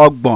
ọgbọ̀n